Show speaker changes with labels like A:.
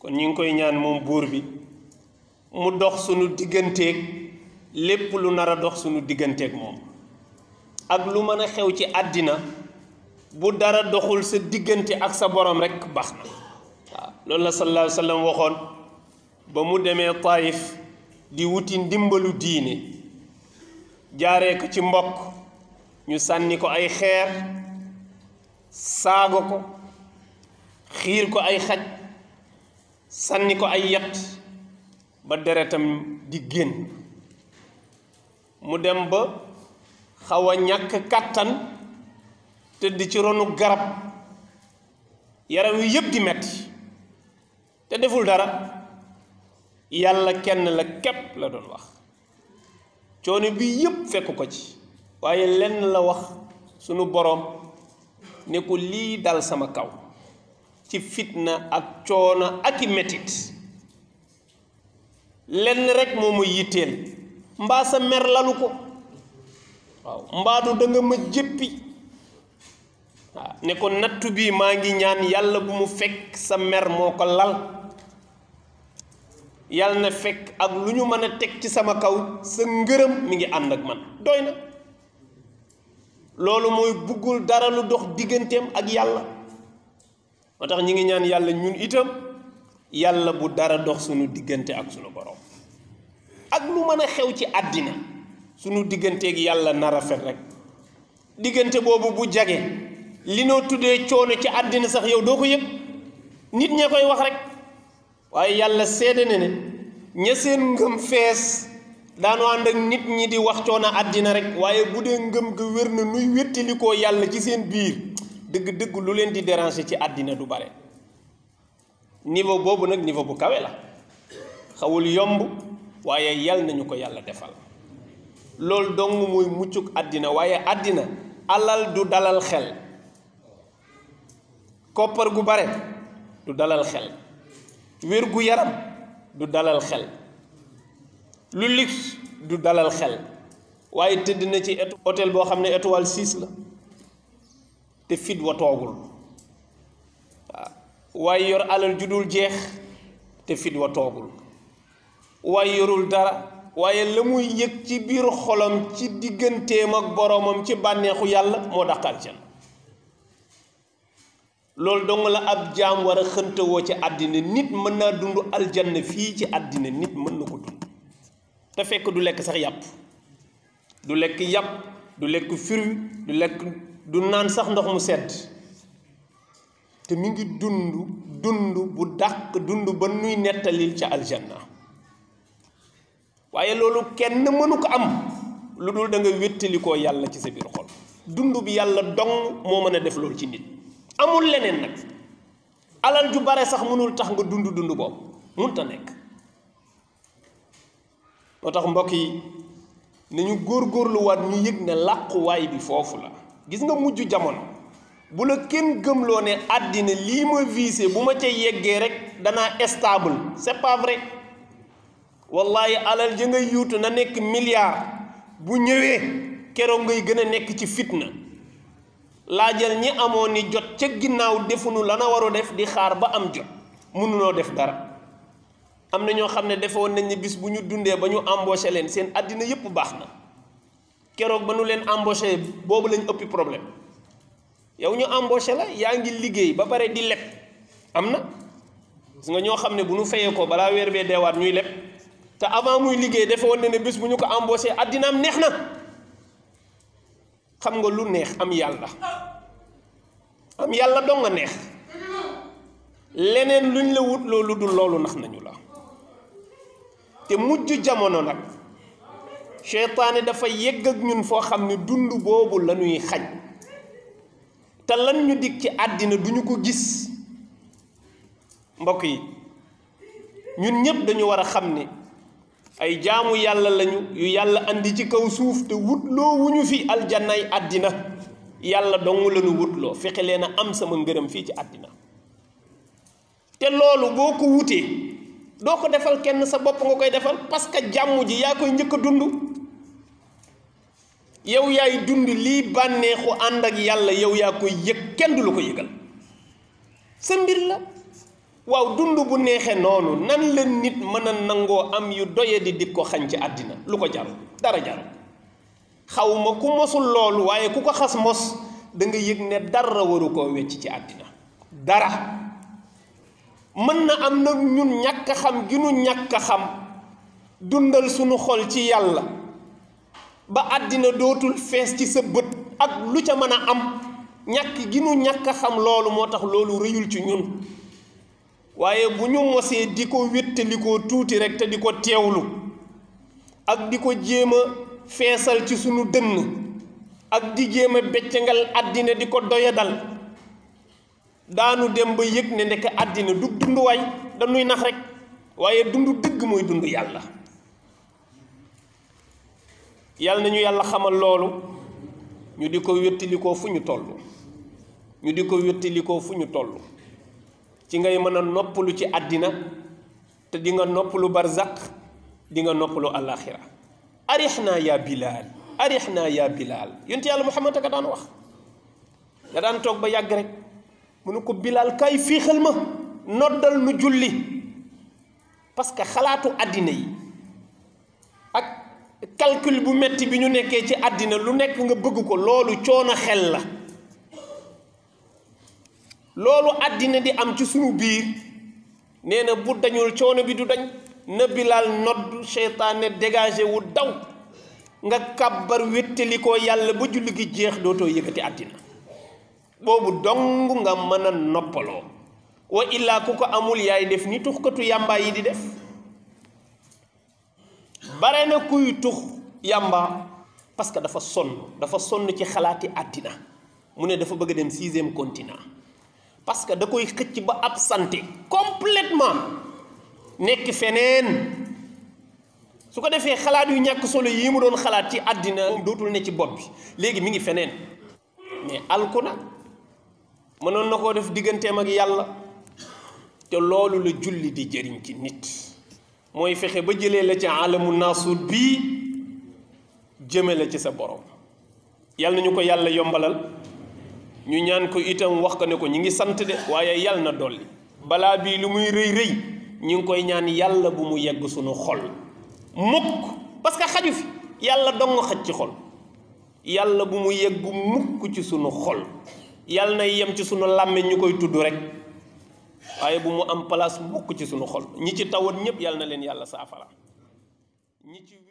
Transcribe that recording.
A: kon ñu ngi koy ñaan moom buur bi mu dox sunu digganteeg lépp lu nar a dox sunu digganteeg moom ak lu mën a xew ci àddina bu dara doxul sa diggante ak sa borom rekk baax na waaw loolu la waxoon ba mu demee Taif di wuti ndimbalu diine jaaree ko ci mbokk ñu sànni ko ay xeer saago ko xiir ko ay xaj sànni ko ay yat ba deretam di génn mu dem ba xaw a ñàkk kàttan tëdd ci ronu garab yaram wi yëpp di metti te deful dara yàlla kenn la képp la doon wax coono bi yëpp fekk ko ci waaye lenn la wax sunu boroom ne ko lii dal sama kaw ci fitna ak coono ak i metit lenn rekk moo ma yitteel mbaa sa mer lalu ko waaw mbaadu da nga ma jéppi waaw ne ko nattu bii maa ngi ñaan yàlla bu mu fekk sa mer moo ko lal yàlla na fekk ak lu ñu mën a teg ci sama kaw sa ngërëm mi ngi ànd ak man doy na loolu mooy buggul dara lu dox digganteem ak yàlla moo tax ñi ngi ñaan yàlla ñun itam yàlla bu dara dox suñu diggante ak suñu borom ak lu mën a xew ci àddina suñu digganteeg yàlla na rafet rek diggante boobu bu jage li noo tuddee coono ci àddina sax yow doo ko yëg nit ña koy wax rek waaye yàlla seede na ne ña seen ngëm fees daanu ànd ak nit ñi di wax coono àddina rek waaye bu dee ngëm gawër na nuy wéttalikoo yàlla ci seen biir dëgg-dëgg lu leen di déranger ci àddina du bare niveau boobu nag niveau bu kawe la xawul yomb waaye yal nañu ko yàlla defal loolu dong mooy muccuk àddina waaye àddina alal du dalal xel koppar gu bare du dalal xel wér gu yaram du dalal xel lu luxe du dalal xel waaye tëdd na ci hôtel boo xam ne étoile 6 la te fit wa togul way yor alal judul jeex te fit wa togul way yorul dara waye lamuy yek ci biir xolam ci digganteem ak boromam ci banexu yàlla moo dàqal ca loolu dong la ab jam wara a wo ci adina nit meuna dundu aljanna fi ci adina nit meuna ko dund te fekk du lek sax yap du lek yap du lek fruit du lek du nan sax ndox mu sedd te mi ngi dund dund bu dàq dund ba nuy nettalil ca aljanna waaye loolu kenn mënu ko am lu dul da nga wéttali yàlla ci sa biir xol dund bi yàlla dong moo mën a def loolu ci nit amul leneen nag alal ju bare sax mënul tax nga dund dund boobu mënta nekk moo tax mbokk yi nañu góorgóorluwaat ñu yëg ne làquwaay bi foofu la gis nga mujj jamono bu la kenn gëmloo ne àddina lii ma viise bu ma ca yeggee rek danaa estable c'est pas vrai alal ja ngay yuutu na nekk milliard bu ñëwee keroog ngay gën a nekk ci fitna laajal ñi amoon ni jot ca ginnaaw defunu lana waru def di xaar ba am jot mënunoo def dara am na ñoo xam ne defoon nañ ne bis bu ñu dundee ba ñu embauché leen seen àddina yépp baax na keroog ba nu leen embauché boobu lañ ëppi problème yow ñu embauché la yaa ngi liggéey ba pare di lekk am na gis nga ñoo xam ne bu nu fayee ko balaa weer bee deewaat ñuy leb te avant muy liggéey dafa woon ne ne bés bu ñu ko embauché addinaam neex na xam nga lu neex am yàlla am yàlla dong nga neex leneen luñ la wut loolu dul loolu nax nañu la te mujj jamono nag seytaane dafa yegg ak ñun foo xam ne dund boobu la ñuy xaj te lan ñu dig ci àddina duñu ko gis mbokk yi ñun ñépp dañu war a xam ne ay jaamu yàlla lañu yu yàlla indi ci kaw suuf te wutloo wuñu fi aljannay àddina yàlla dong lañu wutloo fexe leen a am sama ngërëm fii ci àddina te loolu boo ko wutee doo ko defal kenn sa bopp nga koy defal parce que jàmm ji yaa koy njëkk a dund yow yaay dund lii bànneexu ànd ak yàlla yow yaa koy yëg kenn du la ko yëgal sa mbir la waaw dund bu neexee noonu nan la nit mën a nangoo am yu doye di di ko xañ ci àddina lu ko jaru dara jaru xawma ku mosul loolu waaye ku ko xas mos da nga yëg ne dara waru koo wecc ci àddina dara mën na am nag ñun ñàkk xam gi nu ñàkk xam dundal sunu xol ci yàlla ba àddina dootul fees ci sa bët ak lu ca mën a am ñàkk gi nu ñàkk xam loolu moo tax loolu rëyul ci ñun waaye bu ñu mosee di ko wéttalikoo tuuti rekk te di ko teewlu ak di ko jéem a feesal ci sunu dënn ak di jéem a beccangal àddina di ko doyadal daanu dem ba yëg ne ndeke àddina du dund waay dañuy nax rek waaye dund dëgg mooy dund yàlla yàlla nañu yàlla xamal loolu ñu di ko wéttalikoo fu ñu toll ñu di ko wéttalikoo fu ñu toll ci ngay mën a noppalu ci àddina te di nga noppalu barzaq di nga noppalu alaxira arix naa yaa bilaal arix naa yaa bilaal yonent yàlla muhammad ka daan wax da daan toog ba yàgg rek mu ne ko Bilal kay fiixal ma noddal nu julli parce que xalaatu àddina yi ak calcul bu metti bi ñu nekkee ci àddina lu nekk nga bëgg ko loolu coono xel la loolu àddina di am ci suñu biir nee na bu dañul coono bi du dañ na Bilal nodd seytaane dégagé wu daw nga kàbbar wéttali ko yàlla ba julli gi jeex dootoo yëkkati àddina boobu dong nga mën a noppaloo wa illaa ku ko amul yaay def ni tuxkatu yàmba yi di def bare na kuy tux yàmba parce que dafa sonn dafa sonn ci xalaati àddina mu ne dafa bëgg a dem sixième continent parce que da koy xëcc ba absenté complètement nekk feneen su ko defee xalaat yu ñàkk solo yi mu doon xalaat ci àddina dootul ne ci bopp bi léegi mi ngi feneen mais alku mënoon na koo def digganteem ak yàlla te loolu la julli di jëriñ ci nit mooy fexe ba jëlee la ci alamu naasuut bii jëme la ci sa borom yàlla nañu ko yàlla yombalal ñu ñaan ko itam wax ko ne ko ñi ngi sant de waaye yàlla na dolli balaa bii lu muy rëy rëy ñu ngi koy ñaan yàlla bu mu yegg sunu xol mukk parce que xaju fi yàlla dong xaj ci xol yàlla bu mu yegg mukk ci sunu xol yal na yem ci sunu làmmiñ ñu koy tudd rek waaye bu mu am place mukk ci sunu xol ñi ci tawat ñëpp yal na leen yàlla saafara ñi ci